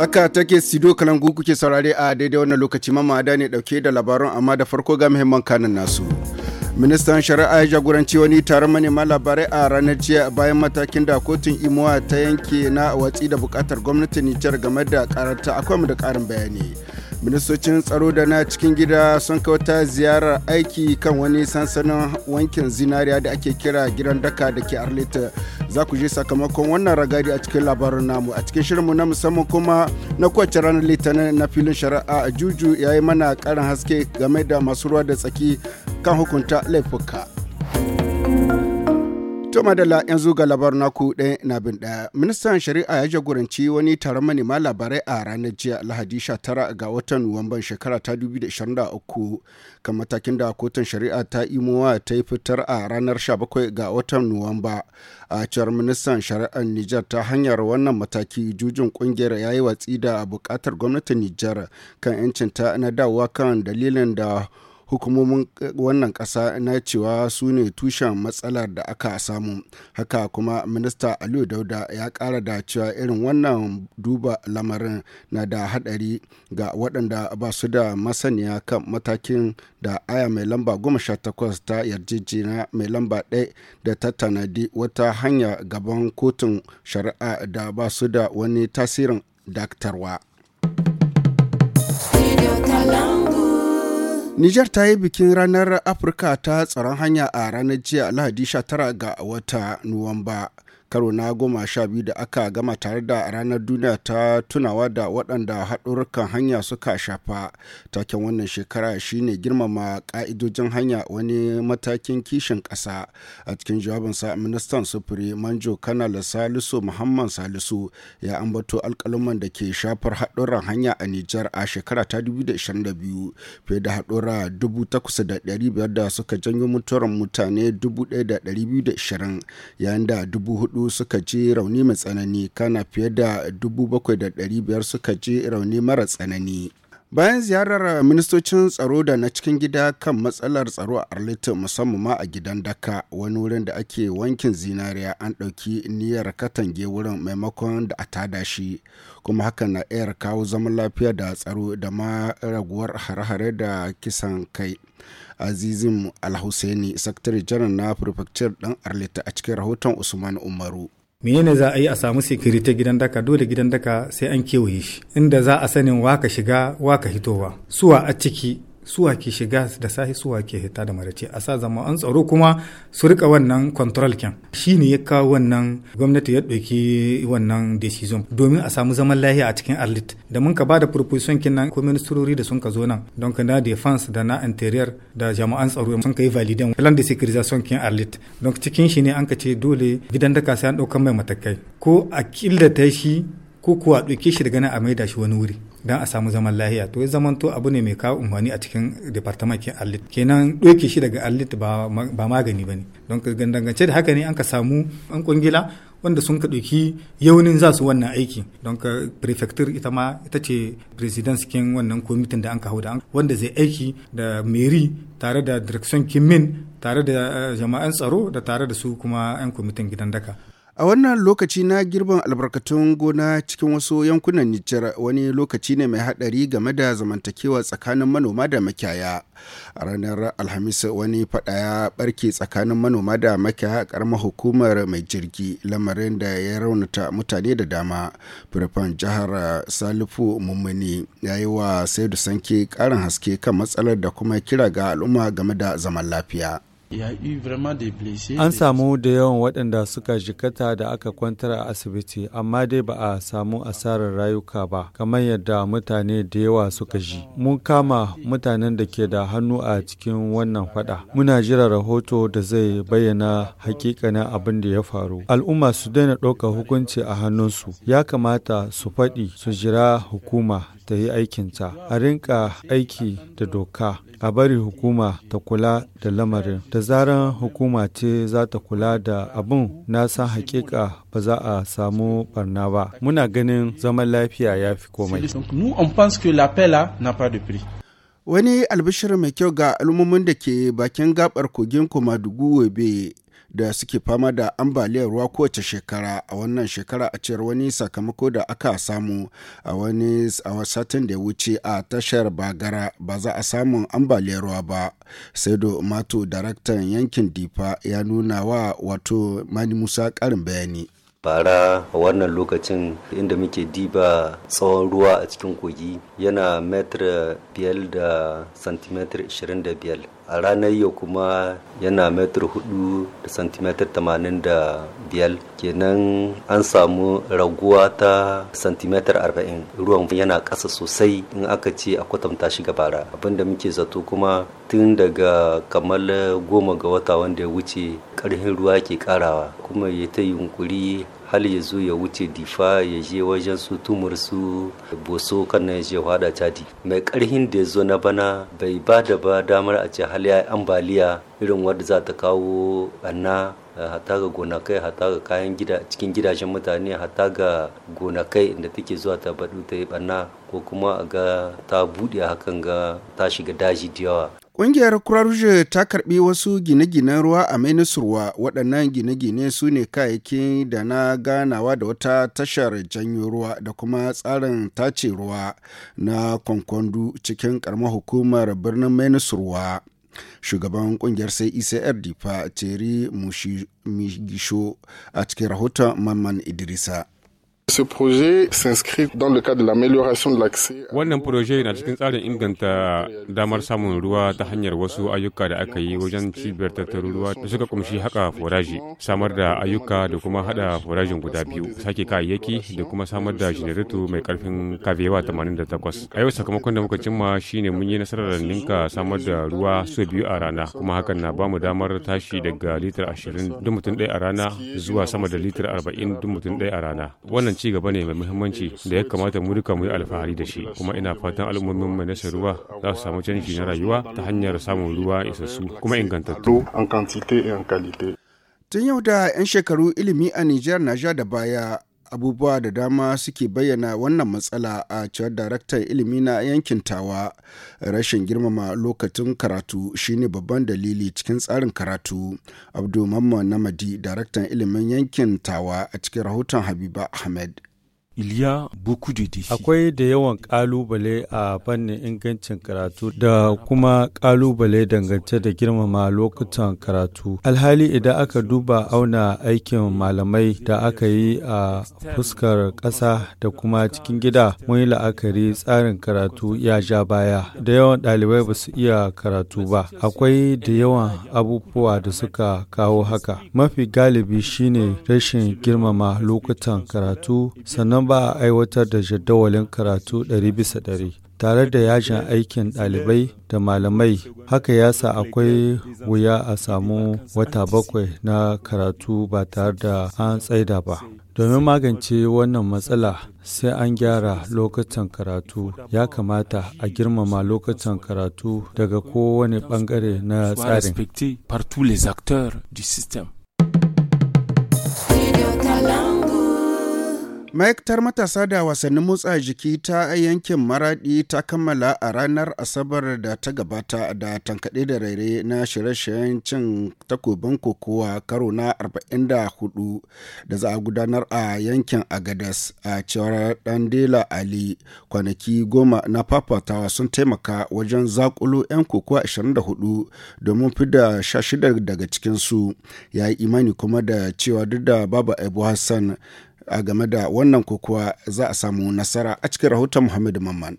Aka take Sido Kalangu kuke saurare a daidai wannan lokaci mamada ne dauke da labaran amma da farko ga muhimman kanin nasu. ministan shari'a ya jagoranci wani taron manema labarai a ranar jiya bayan matakin da kotun imowa ta yanke na watsi da bukatar gwamnatin nijar game da karanta akwai mu da karin bayani ministocin tsaro da na cikin gida sun kauta ziyarar aiki kan wani sansanin wankin zinariya da ake kira gidan daka da ke arlita za ku je sakamakon wannan ragari a cikin labarin namu a cikin shirinmu na musamman kuma na kowace ranar litinin na filin shari'a a juju ya yi mana karin haske game da masu ruwa da tsaki kan hukunta laifuka. To madalla yanzu ga labar naku ɗaya na bin ɗaya. Ministan Shari'a ya jagoranci wani taron manema labarai a ranar jiya Lahadi 19 ga watan Nuwamban shekara ta 2023 kan matakin da kotun shari'a ta imowa ta yi fitar a ranar 17 ga watan Nuwamba. A cewar ministan shari'ar Nijar ta hanyar wannan mataki jujin kungiyar ya yi watsi da bukatar gwamnatin Nijar kan 'yancinta na dawowa kan dalilin da hukumomin wannan ƙasa na cewa su ne tushen matsalar da aka samu haka kuma minista aliyu dauda ya kara da cewa irin wannan duba lamarin na da hadari ga waɗanda ba su da masaniya kan matakin da aya mai lamba 18 ta yarjejina mai lamba 1 da ta tanadi wata hanya gaban kotun shari'a da ba su da wani tasirin daktarwa. Nijar ta yi bikin ranar Afirka ta tsaron hanya a ranar jiya Lahadi 19 ga wata Nuwamba. karo na goma sha biyu da aka gama tare da ranar duniya ta tunawa da waɗanda haɗurukan hanya suka shafa taken wannan shekara shine girmama ƙa'idojin hanya wani matakin kishin ƙasa a cikin jawabinsa ministan sufuri manjo kanal salisu muhammad salisu ya ambato alƙaluman da ke shafar haɗurran hanya a nijar a shekara ta 2022 fiye da haɗura 8,500 da suka janyo mutuwar mutane 1,220 yayin da 4,000 hudu suka ji rauni mai tsanani kana fiye da 7,500 suka ji rauni mara tsanani. bayan ziyarar ministocin tsaro da na cikin gida kan matsalar tsaro a arlington musamman ma a gidan daka wani wurin da ake wankin zinariya an ɗauki niyyar katange wurin maimakon da a tada shi kuma hakan na iya kawo zaman lafiya da tsaro da ma raguwar hare-hare da kisan kai azizim alhussaini sakatare janar na prefecture ɗan arlita a cikin rahoton usman umaru menene za a yi a samu ta gidan daka dole gidan daka sai an kewaye shi inda za a sanin waka shiga wa ka hitowa suwa a ciki suwa ke shiga da sahi suwa ke hita da marace a sa zama an tsaro kuma su rika wannan control kyan shi ne ya kawo wannan gwamnati ya ɗauki wannan decision domin a samu zaman lahiya a cikin arlit da mun ka ba da proposition kin nan ko ministrori da sun ka zo nan don ka na defense da na interior da jama'an tsaro sun ka yi validen plan de securisation kin arlit don cikin shi ne an ka ce dole gidan daka sai an ɗaukan mai matakai ko a killata shi ko kuwa ɗauke shi daga nan a maida shi wani wuri don a samu zaman lahiya to ya zamanto abu ne mai kawo umarni a cikin departament ke allit kenan doke shi daga allit ba magani ba ne don dangance da haka ne an ka samu an kungila wanda sun ka ɗauki yaunin za su wannan aiki don ka prefecture ita ma ita ce presidence kin wannan komitin da an ka hau da wanda zai aiki da meri tare da direction kimin tare da eh, jama'an tsaro da tare da su kuma 'yan kwamitin gidan daka A wannan lokaci na girbin albarkatun gona cikin wasu yankunan Nijar wani lokaci ne mai haɗari game da zamantakewa tsakanin manoma da makiyaya. A ranar Alhamis wani faɗa ya ɓarke tsakanin manoma da makiyaya ƙaramar hukumar mai jirgi lamarin da ya raunata mutane da dama. Firfan jihar Salifu Mummuni ya yi wa da Sanke ƙarin haske kan matsalar da kuma kira ga al'umma game da zaman lafiya. An samu da yawan waɗanda suka jikata da aka kwantar a asibiti, amma dai ba a samu asarar rayuka ba, kamar yadda mutane da yawa suka ji. Mun kama mutanen da ke da hannu a cikin wannan fada. Muna jira rahoto da zai bayyana hakikanin abin da ya faru. Al'umma su daina ɗaukar hukunci a hannunsu. Ya kamata su faɗi su jira hukuma ta yi aikinta a rinka aiki da doka a bari hukuma ta kula da lamarin da zaran hukuma ce za ta kula da abun na san hakika ba za a samu barna ba muna ganin zaman lafiya ya fi komai wani albishir mai kyau ga al'ummomin da ke bakin gabar kogin dugu webe da suke fama da ambaliyar ruwa kowace shekara a wannan shekara a cewar wani sakamako da aka samu a wani satin da ya wuce a tashar bagara ba za a samu ambaliyar ruwa ba sai da mato daraktan yankin difa ya nuna wa wato mani musa karin bayani bara a wannan lokacin inda muke diba tsawon ruwa a cikin kogi yana metra biyar da santimetar 25 a ranar yau kuma yana metar hudu da santimetar tamanin da biyar kenan an samu raguwa ta santimetar arba'in ruwan yana ƙasa sosai in aka ce a kwatanta shi ga bara abinda muke zato kuma tun daga kamar goma ga wata wanda ya wuce ƙarfin ruwa ke ƙarawa kuma ya ta yunkuri har ya zo ya wuce difa ya je wajen su tumur su boso kan ya je hada cadi mai karhin da ya zo na bana bai ba da ba damar a ce hali ambaliya irin wadda za ta kawo anna hata ga gonakai hata ga kayan gida cikin gidajen mutane hata ga gonakai inda take zuwa ta baɗu ta yi ɓanna ko kuma a ga ta buɗe hakan ga ta shiga daji da yawa Ƙungiyar Kuraruje ta karɓi wasu gine-ginen ruwa a Minisurwa waɗannan gine-gine su ne kayayyaki da na ganawa da wata tashar janyo ruwa da kuma tsarin tace ruwa na kwankwandu cikin ƙarma hukumar birnin Minisurwa. Shugaban ƙungiyar sai ICR Difa Teri Mugisho a cikin rahoton Mamman Idrisa. Ce projet s'inscrit dans le cadre de l'amélioration de l'accès. Wannan proje na cikin tsarin inganta damar samun ruwa ta hanyar wasu ayyuka da aka yi wajen cibiyar tattaru ruwa da suka kumshi haka foraji, samar da ayyuka da kuma hada forajin guda biyu, sake kayayyaki da kuma samar da janareto mai karfin kavewa 88. A yau sakamakon da muka cimma shine mun yi nasarar ninka samar da ruwa su biyu a rana, kuma hakan na bamu damar tashi daga litar 20 duk mutum ɗaya a rana zuwa sama da litar 40 duk mutum ɗaya a rana. Wannan ci gaba ne mai muhimmanci da ya kamata mu duka mu yi alfahari da shi kuma ina fatan al'ummomin mai nasa ruwa za su samu canji na rayuwa ta hanyar samun ruwa isassu kuma ingantattu tun yau da 'yan shekaru ilimi a nijar na ja da baya abubuwa da dama suke bayyana wannan matsala a cewar daraktan ilimi na yankin tawa rashin girmama lokacin karatu shine babban dalili cikin tsarin karatu abdul mamman namadi daraktan ilimin yankin tawa a cikin rahoton habiba ahmed Akwai da yawan ƙalubale a fannin ingancin karatu da kuma ƙalubale dangance da girmama lokutan karatu. Alhali idan aka duba auna aikin malamai da aka yi a fuskar ƙasa da kuma cikin gida mun yi la'akari tsarin karatu ya ja baya. Da yawan ɗalibai ba su iya karatu ba. Akwai da yawan abubuwa da suka kawo haka. Mafi galibi shine rashin girmama lokutan karatu sannan ba a aiwatar da jadawalin karatu ɗari bisa ɗari tare da yajin aikin ɗalibai da malamai haka yasa akwai wuya a samu wata bakwai na karatu ba tare da an tsaida ba domin magance wannan matsala sai an gyara lokacin karatu ya kamata a girmama lokacin karatu daga kowane bangare na tsarin ma'aikatar matasa da wasannin motsa jiki ta yankin maradi ta kammala a ranar asabar da ta gabata da tankaɗe da raire na shirye-shiryen cin takobin kokowa karo na 44 da za a gudanar a yankin agadas a cewar dandela ali kwanaki goma na fafatawa sun taimaka wajen zakulo 'yan kokowa 24 domin fida 16 daga cikinsu ya yi imani kuma da cewa duk da babu abu hassan game da wannan kokowa za a samu nasara a cikin rahoton Muhammadu Mamman.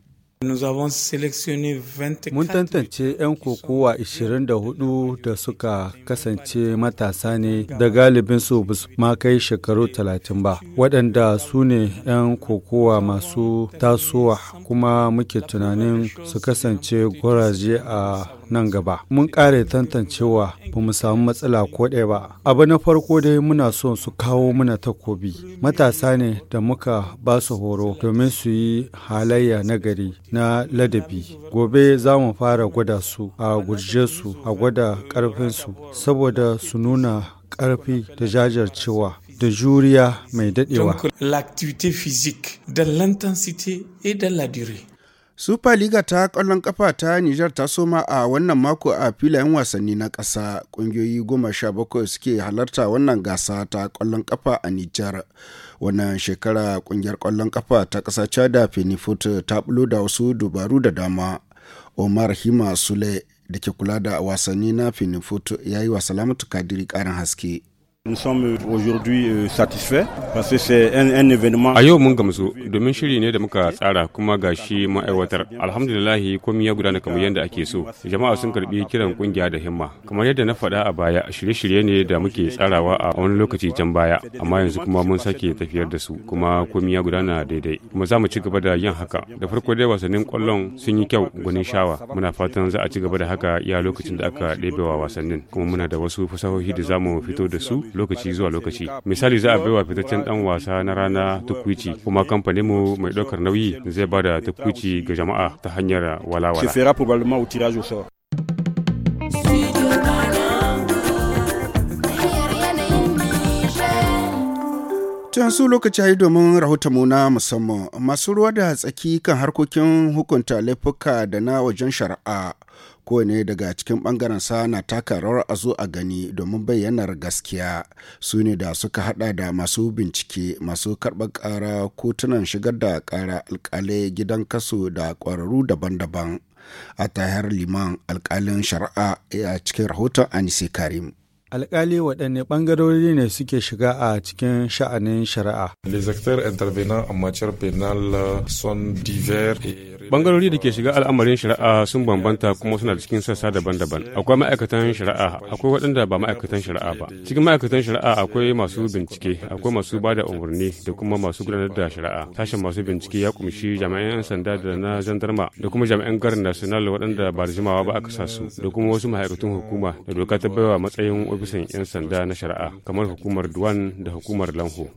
Mun tantance 'yan kokowa 24 da suka kasance matasa ne da galibinsu ba su ma kai shekaru 30 ba, waɗanda su ne 'yan kokowa masu tasowa kuma muke tunanin su kasance gwaraje a nan gaba. Mun ƙare tantancewa ba mu samu matsala ko ɗaya ba. Abu na farko dai muna so su kawo muna takobi. Matasa ne da muka ba su horo domin su yi halayya na gari. na ladabi gobe za mu fara gwada su a gurje su a gwada ƙarfinsu saboda su nuna karfi da jajircewa da juriya mai dadewa. l'activité physique et daɗewa. Super League ta ƙwallon ƙafa ta Nijar ta soma a wannan mako a filayen wasanni na ƙasa. Ƙungiyoyi goma sha bakwai suke halarta wannan gasa ta ƙwallon ƙafa a Nijar. wannan shekara kungiyar kwallon kafa ta ƙasa chada fenifut ta bulo da wasu dubaru da dama omar hima sule da ke kula da wasanni na fenifut ya yi wa salamatu kadiri ƙarin haske A yau euh, mun gamsu domin shiri ne da muka tsara kuma ga shi ma'aiwatar. Alhamdulillahi komi ya gudana kamar yadda ake so. Jama'a sun karbi kiran kungiya da himma. Kamar yadda na faɗa a baya shirye-shirye ne da muke tsarawa a wani lokaci can baya amma yanzu kuma mun sake tafiyar da su kuma komi ya gudana daidai. Kuma za mu ci gaba da yin haka. Da farko dai wasannin kwallon sun yi kyau gwanin shawa. Muna fatan za a ci gaba da haka ya lokacin da aka ɗebewa wasannin kuma muna da wasu fasahohi da za mu fito da su lokaci zuwa lokaci misali za a bai wa fitaccen dan wasa na rana tukwici kuma kamfanin mu mai ɗaukar nauyi zai ba da tukwici ga jama'a ta hanyar walawala Tun su lokaci yi domin mu na musamman masu ruwa da tsaki kan harkokin hukunta laifuka da na wajen shari'a kowane daga cikin bangaren sa na taka rawar a zo a gani domin bayyanar gaskiya su ne da suka hada da masu bincike masu karɓar ƙara kotunan shigar da ƙara alƙalai gidan kaso da ƙwararru daban-daban a tahar liman alƙalin shari'a a cikin rahoton anise karim alkali waɗanne ɓangarori ne suke shiga a cikin sha'anin shari'a. Les acteurs intervenants en matière pénale sont divers bangarori da ke shiga al'amarin shari'a sun bambanta kuma suna cikin sassa daban-daban akwai ma'aikatan shari'a akwai waɗanda ba ma'aikatan shari'a ba cikin ma'aikatan shari'a akwai masu bincike akwai masu ba da umarni da kuma masu gudanar da shari'a sashen masu bincike ya kumshi jami'an 'yan sanda da na zandarma da kuma jami'an garin national waɗanda ba da jimawa ba a kasasu. da kuma wasu ma'aikatan hukuma da doka ta baiwa matsayin ofishin 'yan sanda na shari'a kamar hukumar duwan da hukumar lanho.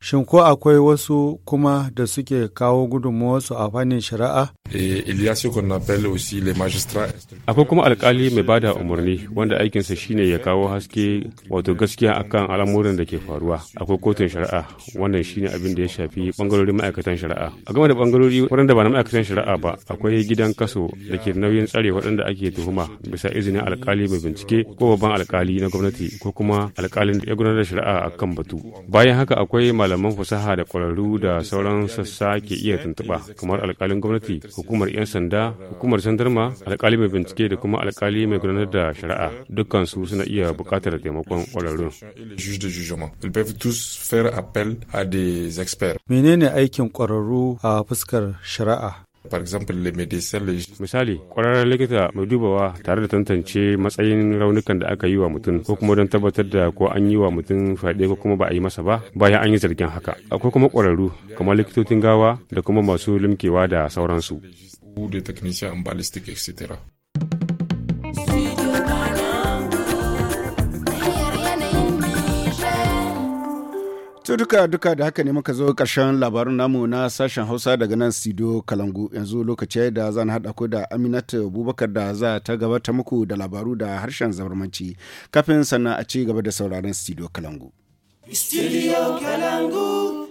Shin ko akwai wasu kuma da suke kawo su a fannin shari'a? Akwai kuma alkali mai bada umarni wanda aikinsa shine ya kawo haske wato gaskiya akan al'amuran da ke faruwa. Akwai kotun shari'a wannan shine abin da ya shafi bangarorin ma'aikatan shari'a. A game da bangarori waɗanda ba na ma'aikatan shari'a ba akwai gidan kaso da ke nauyin tsare waɗanda ake tuhuma bisa izinin alkali mai bincike ko babban alkali na gwamnati ko kuma alkalin ya gudanar da shari'a a kan batu bayan haka akwai malaman fasaha da kwararru da sauran sassa ke iya tuntuɓa kamar alkalin gwamnati hukumar 'yan sanda hukumar sandarma alkali mai bincike da kuma alkali mai gudanar da shari'a dukkansu suna iya buƙatar taimakon kwararrun menene aikin kwararru a fuskar shari'a par exemple les médecins misali kwararren likita mai dubawa tare da tantance matsayin raunukan da aka yi wa mutum ko kuma don tabbatar da ko an yi wa mutum fyaɗe ko kuma ba a yi masa ba bayan an yi zargin haka akwai kuma kwararru kamar likitocin gawa da kuma masu limkewa da sauransu. ou des techniciens en balistique, etc. duka duka da haka ne muka zo karshen labarin namu na sashen Hausa daga nan studio Kalangu yanzu lokaci da zan haɗa ku da Aminatu Abubakar da za ta gabata muku da labaru da harshen zabarmanci kafin sannan a ci gaba da sauraron studio Kalangu. Studio Kalangu.